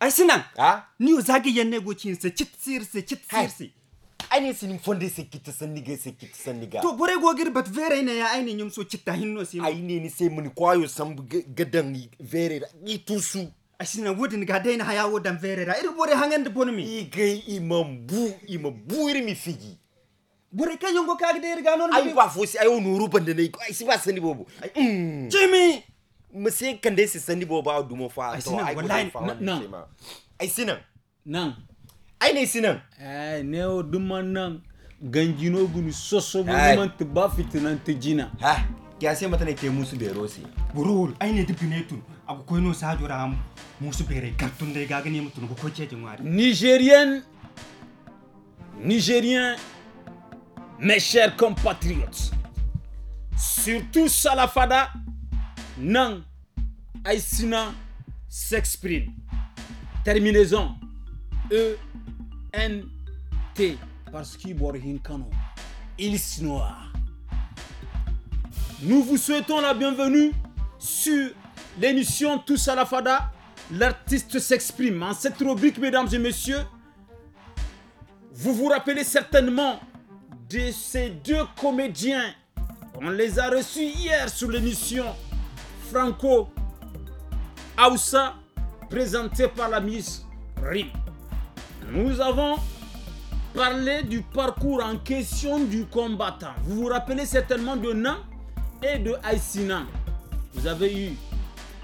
ay sinan ni o zagi yenne go chin se chit sir se chit sir se ni sinin fonde se kit se nige se kit se niga to bore go gir bat vere ne ya aini nyum so kitta hinno se ai ne ni se mun kwayo sam gadan vere ni tusu asina wodin ga dai na haya wodan vere ra iru bore hangen de bonmi i gay imam bu imam bu iri mi figi bore ka yongo ka ga dai ga non ai ba fosi ai onu ruban de ne ai si ba sani bobo mm. jimi mase kande é si sandi bo ba dumo fa to aí wallahi não ai sinan nan ai ne sinan eh ne o duma nan ganjino gunu soso bo man te ba fitinan te jina ha que sai mata ne ke musu be rose burul ai ne dipine tun abu ko no sa jura am musu bere kartun dai gaga ne mutun ko ce jin wari nigerian nigérien mes chers compatriotes surtout salafada nan Aïsina s'exprime. Terminaison E-N-T. Parce qu'il est Il noir. Nous vous souhaitons la bienvenue sur l'émission Tous à la Fada. L'artiste s'exprime. En cette rubrique, mesdames et messieurs, vous vous rappelez certainement de ces deux comédiens. On les a reçus hier sur l'émission Franco Aoussa, présenté par la Miss Rim. Nous avons parlé du parcours en question du combattant. Vous vous rappelez certainement de Nan et de Aïsinan. Vous avez eu,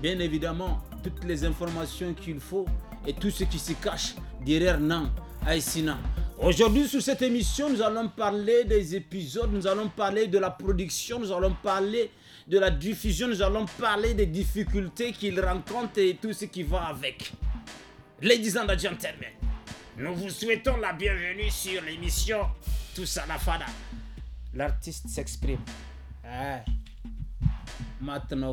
bien évidemment, toutes les informations qu'il faut et tout ce qui se cache derrière Nan, Aïsinan. Aujourd'hui, sur cette émission, nous allons parler des épisodes, nous allons parler de la production, nous allons parler de la diffusion, nous allons parler des difficultés qu'il rencontre et tout ce qui va avec. Ladies and gentlemen, nous vous souhaitons la bienvenue sur l'émission Tous à la Fada. L'artiste s'exprime. Eh, Maintenant,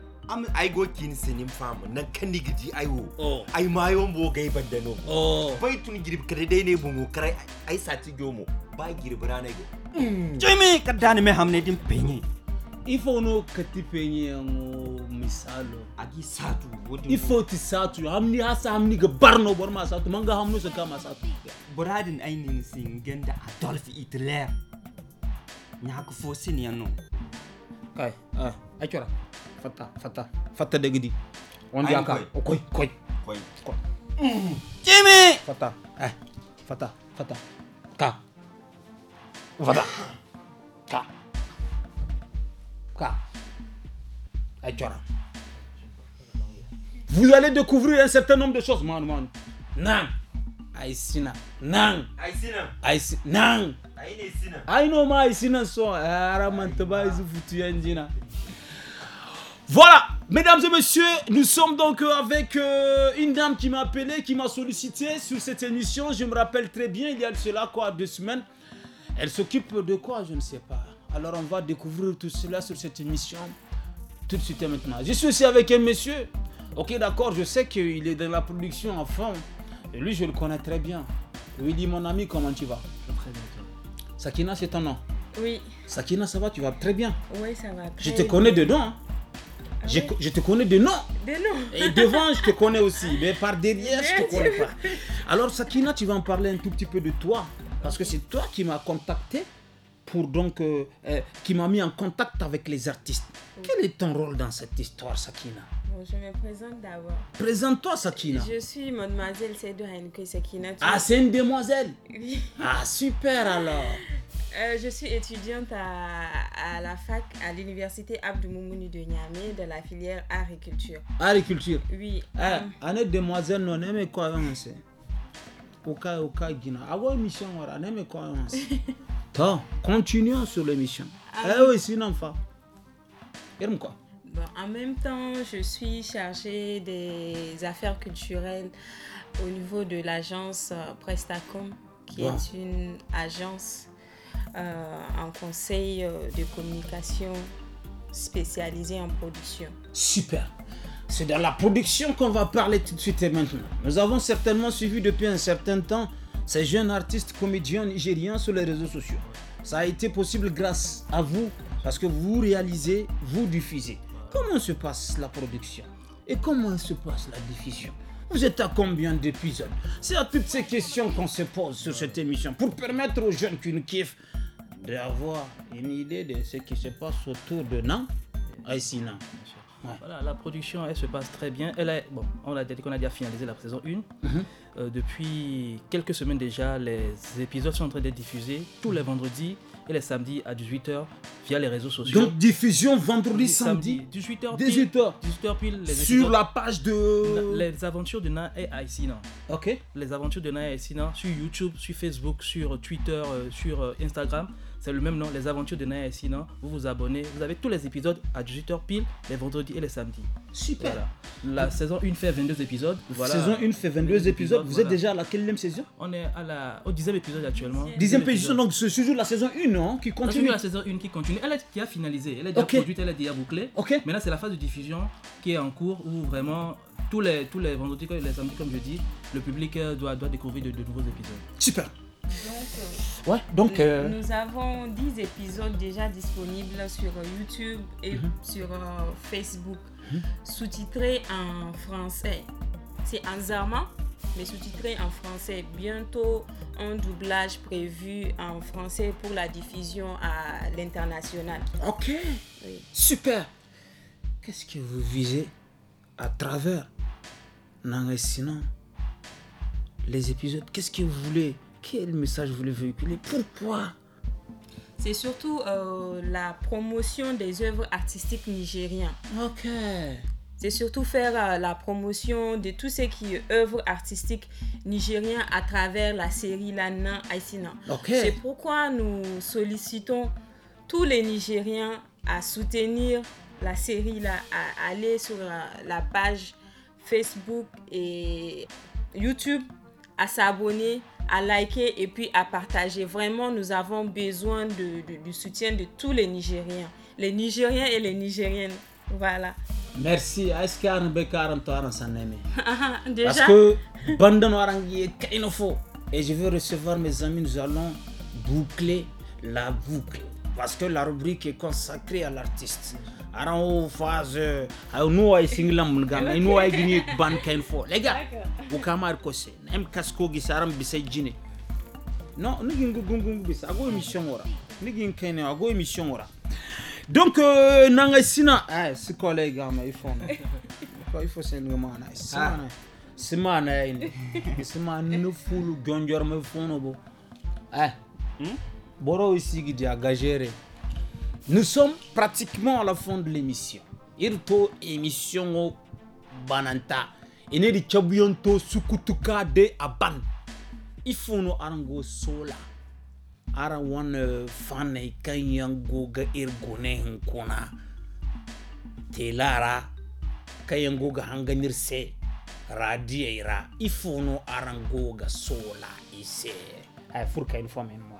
am go kin sinim fam na kan gidi ay wo oh. ay mayo mbo bandano oh. bai tun girib kare kare ai sati gomo ba hmm. jimi me hamne din penye ifo no kati penye misalo agi satu wodi ifo ti satu hamni hasa hamni ga barno bor ma satu manga hamno se kama satu sin adolf hitler Nyako fo ya no kai ah Fata, Fata, de degdi on dit. ka ok, koy koy koy hmm. Fata eh Fata fata. ka Fata. ka ka ay vous allez découvrir un certain nombre de choses man man nan ay sina nan ay sina ay nan ay ne sina ay Aïsina. sina so eh, izu voilà, mesdames et messieurs, nous sommes donc euh, avec euh, une dame qui m'a appelé, qui m'a sollicité sur cette émission. Je me rappelle très bien, il y a cela quoi, deux semaines. Elle s'occupe de quoi, je ne sais pas. Alors on va découvrir tout cela sur cette émission tout de suite et maintenant. Je suis aussi avec un monsieur. Ok, d'accord, je sais qu'il est dans la production en fond. Et lui, je le connais très bien. Oui, dit Mon ami, comment tu vas Je très bien. Sakina, c'est ton nom Oui. Sakina, ça va Tu vas très bien Oui, ça va. Très je te connais dedans. Ah je, te connais de nom. De nom. Et devant, je te connais aussi. Mais par derrière, je ne te connais pas. Alors, Sakina, tu vas en parler un tout petit peu de toi. Parce que c'est toi qui m'as contacté pour donc. Euh, euh, qui m'a mis en contact avec les artistes. Quel est ton rôle dans cette histoire, Sakina je me présente d'abord. Présente-toi, Sakina. Je suis mademoiselle Seydou Henke Sakina. Ah, c'est une demoiselle Oui. Ah, super alors Euh, je suis étudiante à, la fac à l'université Abdou Moumouni de Niamey de la filière agriculture. Agriculture Oui. Eh, année demoiselle, non, mais quoi, hein, on sait. Oka, Oka, Guina. Ah ouais, mission, voilà, mais quoi, hein, on sait. Tant, continuons sur l'émission. Ah eh oui, enfant. fa. Aime quoi Bon, en même temps, je suis chargée des affaires culturelles au niveau de l'agence euh, Prestacom, qui est une agence un euh, conseil euh, de communication spécialisé en production. Super. C'est dans la production qu'on va parler tout de suite et maintenant. Nous avons certainement suivi depuis un certain temps ces jeunes artistes comédiens nigériens sur les réseaux sociaux. Ça a été possible grâce à vous, parce que vous réalisez, vous diffusez. Comment se passe la production et comment se passe la diffusion vous êtes à combien d'épisodes C'est à toutes ces questions qu'on se pose sur cette émission pour permettre aux jeunes qui nous kiffent d'avoir une idée de ce qui se passe autour de Nan et Sinan. Voilà, la production, elle se passe très bien. Elle est bon, on a dit qu'on a déjà finalisé la saison 1. Mhm. Euh, depuis quelques semaines déjà, les épisodes sont en train d'être diffusés tous les vendredis et les samedis à 18h via les réseaux sociaux. Donc diffusion vendredi, samedi, 18h 18h. 18 pile. sur la page de... Les aventures de Na et Aïsina. Ok. Les aventures de Na et Aïsina sur YouTube, sur Facebook, sur Twitter, euh, sur euh, Instagram. C'est le même nom, Les Aventures de Naya et Sinan. Vous vous abonnez. Vous avez tous les épisodes à 18h pile, les vendredis et les samedis. Super. La saison 1 fait 22 épisodes. Voilà. Saison 1 fait 22 épisodes. vous êtes déjà à laquelle même saison On est à la, au dixième épisode actuellement. Dixième épisode. Donc c'est toujours la saison 1 non hein, qui continue. la saison 1 qui continue. Elle est qui a finalisé. Elle est déjà produite, elle est déjà bouclée. Ok. Mais là c'est la phase de diffusion qui est en cours où vraiment tous les, tous les vendredis et les samedis, comme je dis, le public euh, doit, doit découvrir de nouveaux épisodes. Super. Euh, nous, avons 10 épisodes déjà disponibles sur YouTube et mhm. sur euh, Facebook, mhm. sous-titrés en français. C'est en Zarma, mais sous titrés en français. Bientôt, un doublage prévu en français pour la diffusion à l'international. Ok, super. Qu'est-ce que vous visez à travers, non, les épisodes Qu'est-ce que vous voulez quel message vous voulez véhiculer, pourquoi c'est surtout euh, la promotion des œuvres artistiques nigériennes. Ok. C'est surtout faire euh, la promotion de tout ce qui est œuvres artistiques nigériennes à travers la série Nain Aïsina. Ok. C'est pourquoi nous sollicitons tous les Nigériens à soutenir la série, là, à aller sur la page Facebook et YouTube, à s'abonner à liker et puis à partager. Vraiment, nous avons besoin de, du soutien de tous les Nigériens, les Nigériens et les Nigériennes. Voilà. Merci. Est-ce Déjà. Parce que Et je veux recevoir mes amis. Nous allons boucler la boucle. Parce que la rubrique est consacrée à l'artiste aran o fase ayo uh, no ay singlam mun gam ay no ay gini ban kain fo lega uh, o kamar ko se em kasko gi saram bisay jine non ni gin gungun bisa ago emission ora ni gin kain ago emission ora donc euh, nanga sina ah si collègue am ay eh, fon ko il faut sen ngama na sina sima na ay ni eh, sima ah. no fulu gonjor me fono bo ah boro sigi dia gajere nous sommes pratiquement à la fin de l'émission. Irto émission bananta. Ine di chabuyonto sukutuka de aban. Ifono arango sola. Aran wan euh, fane kanyango ga irgone er hinkona. Telara kayango ga hanganir se. Radiera ifono arango ga sola ise. Ay furka une fois même moi.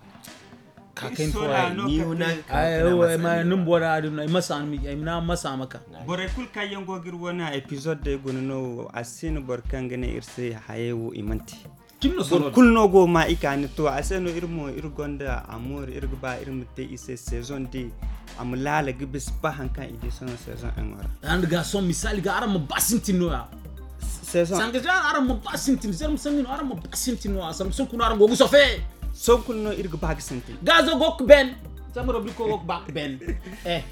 kakan tuwa ni una ai mai num bora adu na masa an mi na masa maka bora kul kayen gogir wona episode de gonono asin bor kangane irse hayewo imanti kinno sono kulno go ma ikani to aseno irmo irgonda amur irgba irmte ise saison de am lala gibis ba hankan ide sono saison en wara and ga son misali ga aram basinti noya saison sanga ja aram basinti zerm sangin aram basinti noya sam sun kun aram go gusofe sonkulno irga bagi sintin gazo gok ben samaro bi ko gok bak ben eh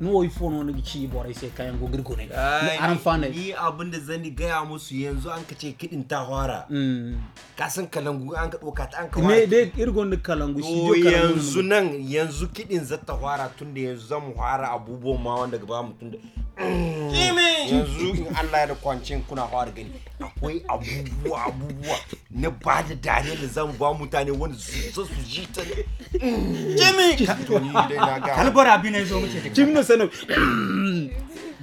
no wai fono na gici borai sai kayan gogir ne. an fana ni abin da zan gaya musu yanzu an ka ce kidin ta hwara mm. ka san kalangu an ka doka ta an ka ne dai irgon da kalangu shi jo yanzu nan yanzu kidin za ta hwara tunda yanzu zan mu hwara abubuwan ma wanda gaba mu tunda yanzu in Allah da kwancin kuna fara gani akwai abubuwa abubuwa na ba da dare da zan ba mutane wanda su su ji ta Jimmy kalbar ne muke da Jimmy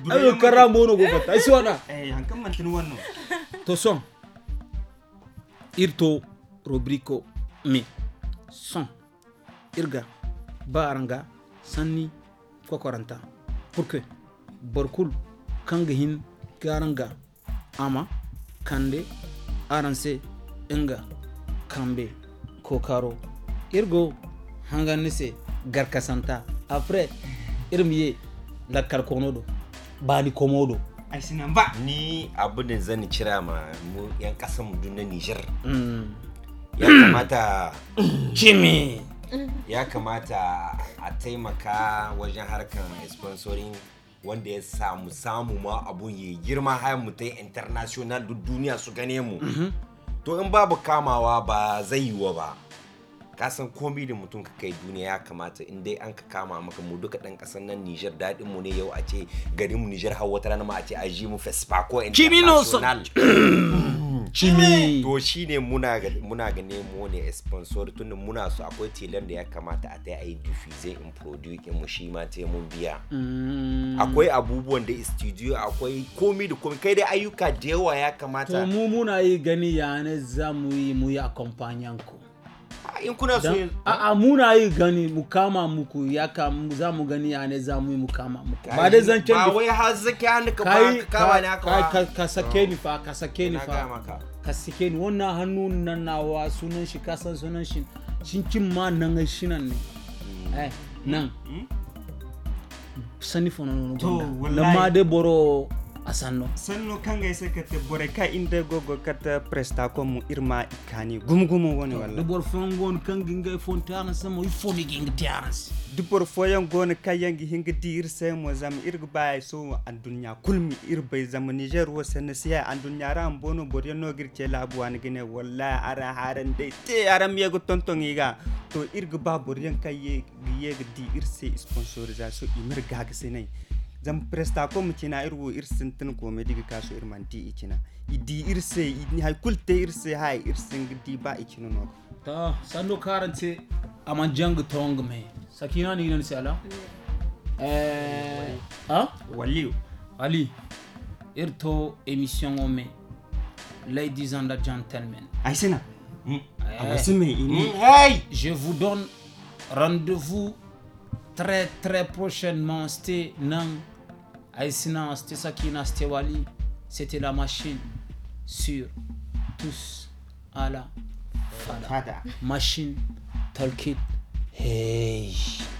ayo mono go fata ai suwana eh hankan wannan to son irto mi son irga ba aranga sanni kokoranta pour que borkul kanga hin garanga ama kande aranse inga kambe kokaro irgo nise garkasanta après irmiye lakar kono do bani komo do aisinan ba ni abin da zan cira ma mu yan kasan mu na Niger mm. ya kamata Jimmy ya kamata a taimaka wajen harkan sponsoring wanda ya samu samu ma abun ya girma hayan mu ta international duk duniya su gane mu to in babu kamawa ba zai yi wa ba ka san komai da mutum ka kai duniya ya kamata in dai an ka kama maka mu duka dan kasar nan Niger dadin mu ne yau a ce garin mu Niger har wata rana ma a ce a ji mu fespa ko international jimmy to shi ne muna ga nemo ne sponsor tun muna so akwai tilan da ya kamata a tayi dufi zai in produce mu shi ma te mun biya mm. akwai abubuwan da studio akwai komi da komi kai dai ayyuka da yawa ya kamata to mu muna yi gani ya ne za mu yi mu yi accompanyant ku in a a muna yi gani mu kama muku ya ka za mu gani ya ne za mu yi mu muku ba dai zancen ba wai har zake hannu ka kama ne ka sake ni fa ka sake ni fa ka sake ni wannan hannu nan nawa sunan shi ka san sunan shi cincin ma nan shi nan ne hmm. eh nan hmm? sani fono no ba wallahi ma de boro asano sanno kanga ese kate bore ka inde gogo kata presta ko mu irma ikani gumgumo woni walla dubor fongon kangi ngai fontana samo ifoni gingi tianas dubor foyan gon kayangi hingi dir se mo zam irga bay so an kulmi irbay zam niger wo sen siya an dunya ram bono boryo no girce labu an gine wala ara haran dai te aram yego tontongiga to irga ba boryan kaye yegi di irse sponsorisation imirga gasenai zam presta ko mchina irwo irsintin ko mediga kaso irmanti ichina idi irse idi hay kulte irse hay irsin gidi ba ichino no ta sanu karante aman jang tong me sakina ni nan sala eh ah wali ali irto emission o me ladies and gentlemen aisena hmm. aisena ini hmm, hey je vous donne rendez-vous très très prochainement c'était nan Aïsina c'était ça Sakina c'était Wali c'était la machine sur tous à la machine talkit hey